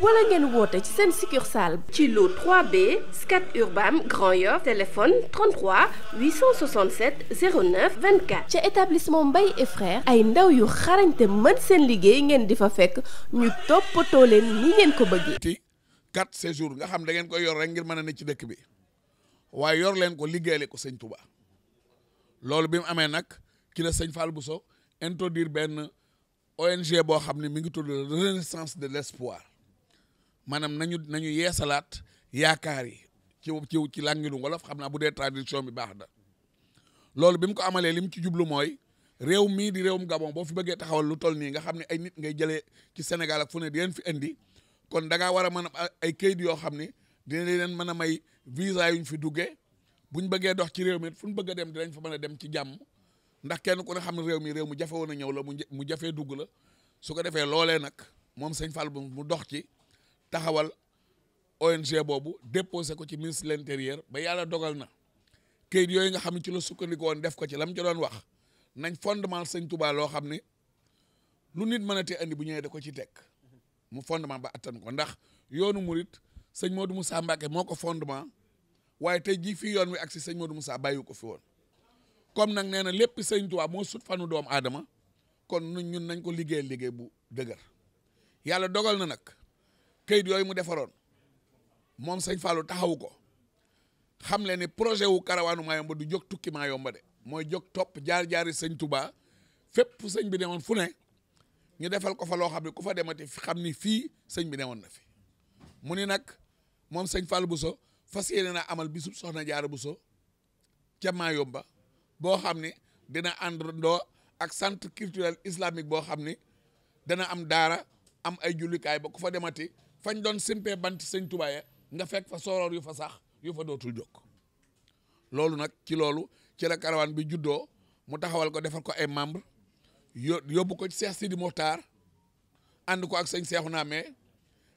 wala ngeen woote ci seen succursale ci lu 3B Scat Urbam Grand Yoff téléphone 33 867 09 24 ca établissement Mbaye et frères ay ndaw yu xarañte mën seen liggéey ngeen di fa fekk ñu toppatoo leen ni ngeen ko bëggee ti quatre séjours nga xam da ngeen koy yor rek ngir mën a ne ci dëkk bi waaye yor leen ko liggéeyale ko sëñ Touba loolu bi mu amee nag ki la sëñ Fall Bousso introduire benn ONG boo xam ne mu ngi tudd renaissance de l'espoir maanaam nañu nañu salaat yaakaar yi ci ci ci làngidu wolof xam naa bu dee tradition bi baax na loolu bi mu ko amalee li mu ci jublu mooy réew mii di réewum Gabon boo fi bëggee taxawal lu toll nii nga xam ne ay nit ngay jëlee ci Sénégal ak fu ne di fi indi kon da ngaa war a mën a ay kayit yoo xam ne dina leen mën a may visa yuñ fi duggee buñ bëggee dox ci réew mi fu ñu bëgg a dem dinañ fa mën a dem ci jàmm ndax kenn ku ne xam ne réew mi réew mu jafe woon a ñëw la mu mu jafee dugg la su ko defee loolee nag moom sëñ Fall mu dox ci taxawal ONG boobu déposé ko ci ministre de ba yàlla dogal na kayit yooyu nga xam ne ci la sukkandiku woon def ko ci lam mu doon wax nañ fondement sëñ Touba loo xam ne lu nit mën a andi bu ñëwee da ko ci teg mu fondement ba attan ko ndax yoonu murit sëñ Modou saa Mbacké moo ko fondement waaye tey jii fii yoon wi ak si sëñ Modou saa bàyyi ko fi woon comme nag nee na lépp sëñ Touba moo sut fanu doomu aadama kon ñun nañ ko liggéey liggéey bu dëgër dogal na nag. kayit yooyu mu defaroon moom sëñ Fallou taxawu ko xam le ni projet wu karawaanu Mayumba du jog tukki Mayumba de mooy jog topp jaar-jaari sëñ Touba fépp sëñ bi newoon fu ne ñu defal ko fa loo xam ne ku fa demati xam ni fii sëñ bi newoon na fi mu ni nag moom sëñ Fallou Bousso fas yéene na amal bisub soxna Jaara Bousso ca Mayumba boo xam ne dina àndandoo ak centre culturel islamique boo xam ni dana am daara am ay jullikaay ba ku fa demati fañ doon simpee bant sëñ tubaaya nga fekk fa sooroor yu fa sax yu fa dootul jóg loolu nag ci loolu ci la karawaan bi juddoo mu taxawal ko defal ko ay membre yóbbu ko ci Seex Sidi Muxtaar ànd ko ak sëñ Seexu naa mais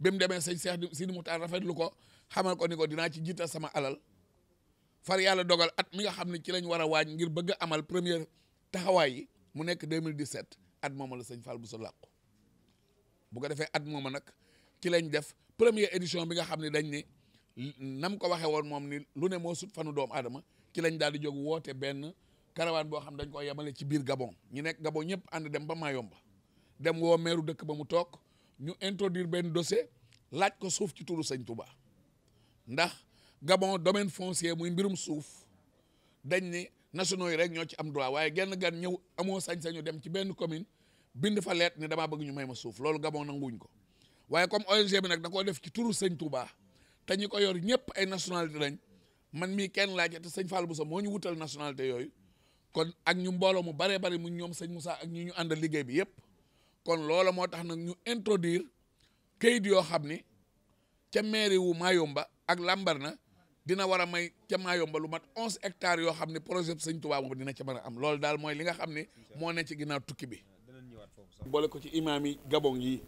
bi mu demee sëñ Seex Sidi rafet lu ko xamal ko ni ko dinaa ci jiital sama alal far yàlla dogal at mi nga xam ne ci lañ war a waañ ngir bëgg a amal première taxawaay yi mu nekk mille 2017 at mooma la sëñ Fall bu sa làqu bu ko defee at mooma nag ci lañ def première édition bi nga xam ne dañ ni nam ko waxee woon moom ni lu ne moo sut fanu doom aadama ci lañ daal di jóg woote benn caravane boo xam dañ ko yemale ci biir Gabon ñu nekk Gabon ñëpp ànd dem ba Mayomba dem woo meeru dëkk ba mu toog ñu introduire benn dossier laaj ko suuf ci turu sañ Touba ndax Gabon domaine foncier muy mbirum suuf dañ ni nationaux yi rek ñoo ci am droit waaye genn gan ñëw amoo sañ-sañu dem ci benn commune bind fa leet ne damaa bëgg ñu may ma suuf loolu Gabon nanguwuñ ko waaye comme ONG bi nag da koo def ci turu sëñ Touba te ñu ko yor ñëpp ay nationalité lañ man mii kenn laajte te sëñ bu Bousso moo ñu wutal nationalité yooyu kon ak ñu mbooloo mu baree bari mu ñoom sëñ mu Moussa ak ñi ñu àndal liggéey bi yëpp kon loola moo tax nag ñu introduire kayit yoo xam ni ca mairie wu Mayomba ak Lambaréné dina war a may ca Mayomba lu mat onze hectares yoo xam ne projet sëñ Touba moom dina ca mën a am loolu daal mooy li nga xam ne moo ne ci ginnaaw tukki bi. boole ko ci imaam yi Gabon yi.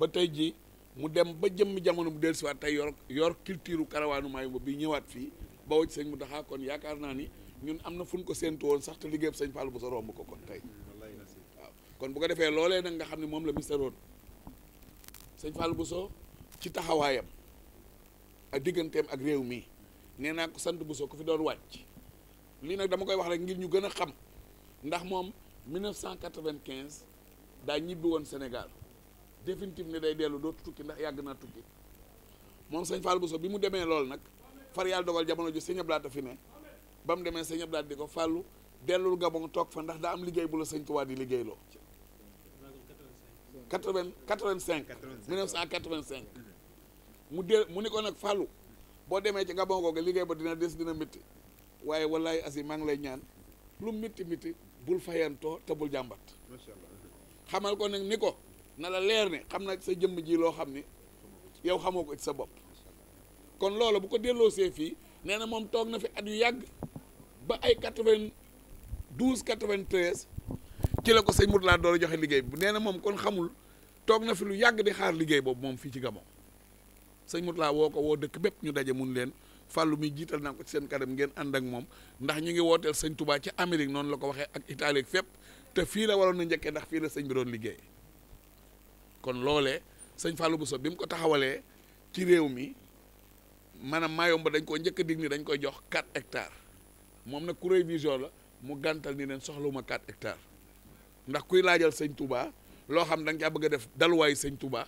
ba tey ji mu dem ba jëmm jamono mu dellusiwaat tey yor yor culture karawaanu Mayumba bi ñëwaat fii ba wëcc sëñ Mountakha kon yaakaar naa ni ñun am na fu ñu ko séentu woon sax te liggéeyam sëñ bu Bousso romb ko kon tey waaw kon bu ko defee loolee nag nga xam ne moom la ministère woon sëñ bu so ci taxawaayam ak digganteem ak réew mi nee naa ko sant Bousso ku fi doon ci lii nag dama koy wax rek ngir ñu gën a xam ndax moom 1995 daa ñibbi woon senegal définitive ne day dellu dootu tukki ndax yàgg naa tukki moom sëñ bu so bi mu demee loolu nag far yàlla dogal jamono ji sëñ Ablaat fi ne ba mu demee sëñ Ablaat di ko fàllu dellul Gabon toog fa ndax daa am liggéey bu la sëñ Tuubaa di liggéeyloo. 80 85 1985 mu de mu ni ko nag fàllu boo demee ci Gabon googu liggéey ba dina des dina métti waaye wallaay asi maa ngi lay ñaan lu mitti métti bul fayantoo te bul jàmbat. xamal ko nag ni ko. na la leer ni xam na sa jëmm ji loo xam ne yow xamoo ko ci sa bopp kon loolu bu ko delloosee fii nee na moom toog na fi at yu yàgg ba ay quatre-vingt-douze quatre-vingt-treize ci la ko sañ Mourtala laa a joxe liggéey bi nee na moom kon xamul toog na fi lu yàgg di xaar liggéey boobu moom fii ci Gabon sëñ laa woo ko woo dëkk bépp ñu daje mun leen fàllu mi jiital naa ko ci seen kanam ngeen ànd ak moom ndax ñu ngi wooteel sëñ Touba ci Amérique noonu la ko waxee ak Italie fépp te fii la waroon na njëkkee ndax fii la sëñ bi doon liggéey kon loolee sëñ bu so bi mu ko taxawalee ci réew mi maanaam Mayumba dañ koo njëkk a dig ni dañ koy jox 4 hectares moom nag kuréel vision la mu gàntal ni leen soxlawuma 4 hectares ndax kuy laajal sëñ tubaa loo xam da nga caa bëgg def daluwaayu sëñ Touba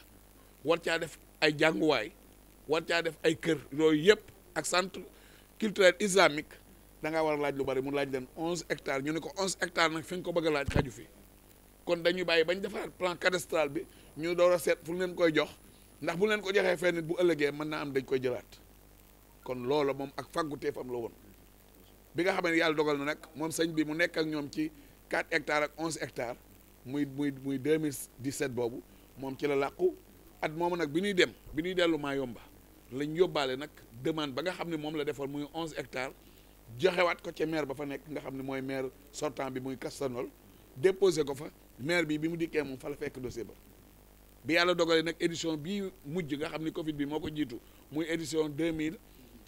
war caa def ay jànguwaay war caa def ay kër yooyu yëpp ak centre culturel islamique da ngaa war a laaj lu bari mu laaj leen 11 hectares ñu ne ko 11 hectares nag fi nga ko bëgg a laaj xaju fi. kon dañuy bàyyi bañ defaraat plan cadastral bi ñu door a seet fu leen koy jox ndax bu leen ko joxee fenn bu ëllëgee mën naa am dañ koy jëlaat kon loola moom ak fàggutee fam la woon bi nga xam ne yàlla dogal na nag moom sëñ bi mu nekk ak ñoom ci 4 hectares ak 11 hectares muy muy muy 2017 boobu moom ci la làqu at moomu nag bi ñuy dem bi ñuy dellu maa yomba lañ yóbbaale nag demande ba nga xam ne moom la defoon muy 11 hectares joxewaat ko ca meer ba fa nekk nga xam ne mooy maire sortant bi muy Castanol déposé ko fa maire bi bi mu dikkee moom fa la fekk dossier ba bi yàlla dogalee nag édition bii mujj nga xam ni Covid bi moo ko jiitu muy édition deux mille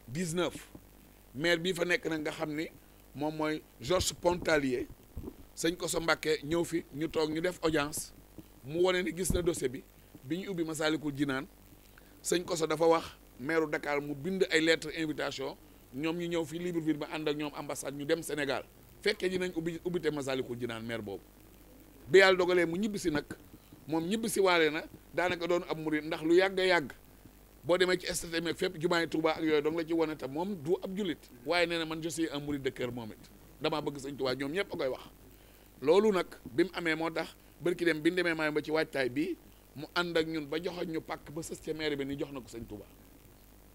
dix neuf maire bii fa nekk nag nga xam ni moom mooy Georges Pontalier sëñ Koso Mbakke ñëw fi ñu toog ñu def audience mu wane ni gis na dossier bi bi ñu ubbi ma Masaalikul naan sëñ Koso dafa wax maire Dakar mu bind ay lettres invitation ñoom ñu ñëw fi Libreville ba ànd ak ñoom ambassade ñu dem Sénégal. fekkee ji nañ ubbi ubbite Masaalikul naan maire boobu bi yàlla dogalee mu ñibbisi nag moom ñibbisi waale na daanaka doon ab murid ndax lu yàgg a yàgg boo demee ci STM ak fépp jumaay Touba ak yooyu dong la ci wane tam moom du ab jullit waaye nee na man je suis un muri de cœur moom it damaa bëgg sëñ Touba ñoom ñëpp a koy wax. loolu nag bi mu amee moo tax barki dem bi ñu demee maay ba ci waajtaay bi mu ànd ak ñun ba joxoon ñu pàkk ba sës ca maire bi ni jox na ko sëñ Touba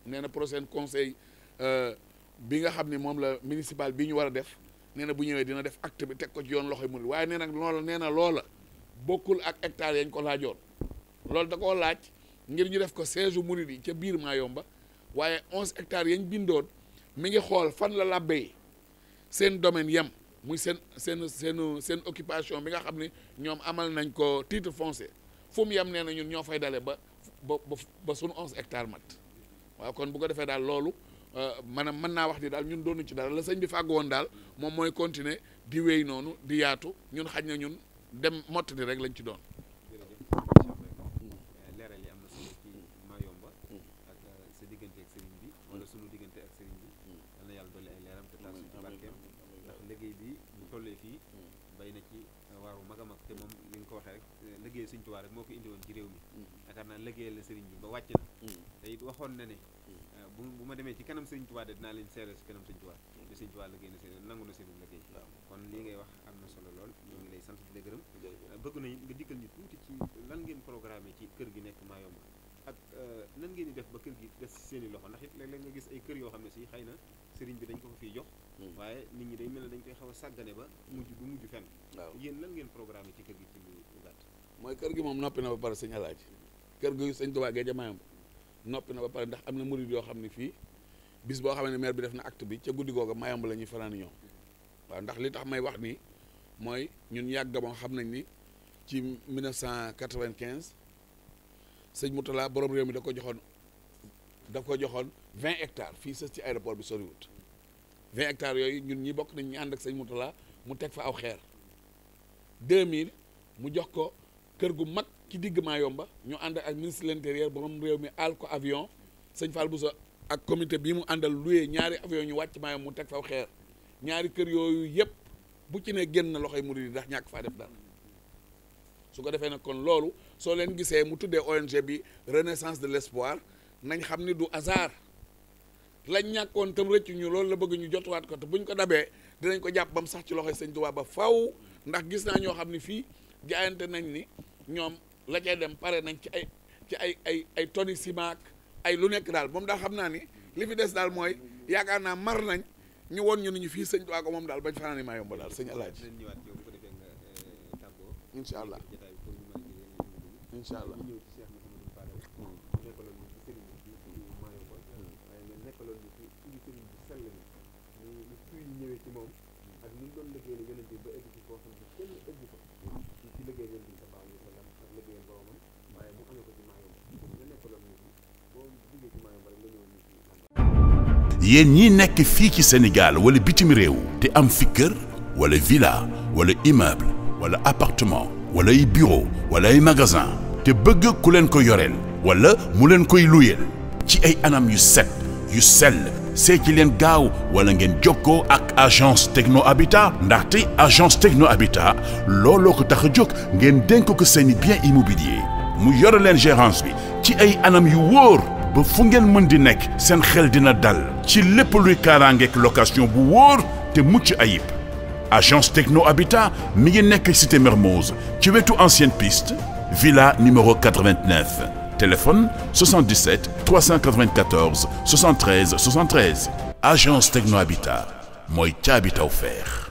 nee na prochain conseil euh, bi nga xam ne moom la municipal bi ñu war a def. nee na bu ñëwee dina def acte bi teg ko ci yoon loxo yi mu waaye nee na loola nee na loola bokkul ak hectare yañ ko laajoon loolu da koo laaj ngir ñu def ko siège murid yi ca biir maa Mayomba waaye onze hectares yañ bindoon mi ngi xool fan la labbe yi seen domaine yam muy seen seen seen seen occupation bi nga xam ne ñoom amal nañ ko titre foncier fu mu yem nee na ñun ñoo fay dale ba ba ba suñu onze hectares mat waaw kon bu ko defee daal loolu Euh, maanaam mën naa wax di daal ñun doonu ci dara la sañ bi fàgg woon daal moom mooy continuer di wéy noonu di yaatu ñun xaj na ñun dem mott di rek lañ ci doon. liggéey bi bu tollee fii bay na ci euh, waaru mag a mag te moom ko waxee rek eh, liggéey Sëriñ Tuubaa rek moo ko indiwoon ci réew mi mm. yaakaar naa liggéeyal la sëriñ bi ba wàcc na mm. te it waxoon na ne mm. eh, bu ma demee ci kanam Sëriñ waa de dinaa leen seere si kanam Sëriñ Tuubaa de Sëriñ Tuubaa liggéey na seen nangu na seen liggéey kon lii ngay wax am na solo lool ñoo ngi lay sant di la gërëm eh, bëgg nañ nga dikkal ñu tuuti ci lan ngeen programme ci kër gi nekk Mayumba ak nan ngeen di def ba kër gi def ci seen loxo ndax it léeg-léeg nga gis ay kër yoo xam ne si xëy na sëriñ bi dañ ko ko fi jox hmm. waaye nit ñi day mel ne dañ koy xaw a sàggane ba mujj bu mujj fenn waaw yéen lan ngeen programme ci kër gi ci lu gàtt mooy kër gi moom noppi na ba pare sëñ alaaji kër gi sëñ Tuubaa gee jamaayam noppi na ba pare ndax am na murid yoo xam ne fii bis boo xam ne maire bi def na acte bi ca guddi googa mayamb la ñuy fanaan ñoom waaw ndax li tax may wax nii mooy ñun yàgg moom xam nañ ni ci 1995 sëñ Moutala borom réew mi da ko joxoon daf ko joxoon vingt hectares fii sës ci aéroport bi soriwut vingt hectares yooyu ñun ñi bokk nañ ñu ànd ak sëñ Moutala mu teg fa aw xeer deux mille mu jox ko kër gu mag ci digg yomba ñu ànd ak ministre de l'intérieur borom réew mi aal ko avion sëñ Fall Bousso ak comité bi mu àndal loué ñaari avion ñu wàcc Mayomba mu teg fa aw xeer ñaari kër yooyu yëpp bu ci ne génn na loxoy murid yi ndax ñàkk faa def dal su ko defee nag kon loolu soo leen gisee mu tuddee ONG bi renaissance de l'espoir nañ xam ni du hasard lañ ñàkkoon tam rëccu ñu loolu la bëgg ñu jotuwaat ko te buñ ko dabee dinañ ko jàpp bam sax ci loxo sëñ Tuubaa ba faw ndax gis naa ñoo xam ne fii jaayante nañ ni ñoom la cay dem pare nañ ci ay ci ay ay ay toni ay lu nekk daal moom daal xam naa ni li fi des daal mooy yaakaar naa mar nañ ñu woon ñu ni ñu fii sëñ Tuubaa ko moom daal bañ fanaan maa yomb daal sëñ Alaaji euh, incha allah incha allah yu ñëwee ci moom ak ñi nekk fii ci Sénégal wala bitim réew te am fi kër wala villa wala immeuble wala appartement wala ay bureau wala magasin te bëgg ku leen ko yoreel wala mu leen koy luyeel ci ay anam yu set yu sell see ci leen gaaw wala ngeen jokkoo ak agence techno abita ndaxte agence techno habitat looloo ko tax a jóg ngeen dénk ko seeni bien immobilier mu yor leen gérance bi ci ay anam yu wóor ba fu ngeen mën di nekk seen xel na dal ci lépp luy kaaraangeek location bu wóor te mucc ayib agence techno abita mi ngi nekk cité Mermoz ci wetu ancienne pist villa numéro 89 téléphone 77 394 73 73 agence Techno Habitat mooy ca Habitat offert